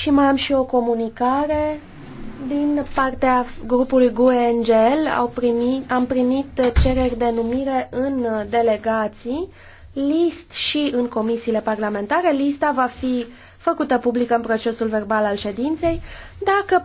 Și mai am și o comunicare din partea grupului GUE-NGL. Au primit, am primit cereri de numire în delegații, list și în comisiile parlamentare. Lista va fi făcută publică în procesul verbal al ședinței. Dacă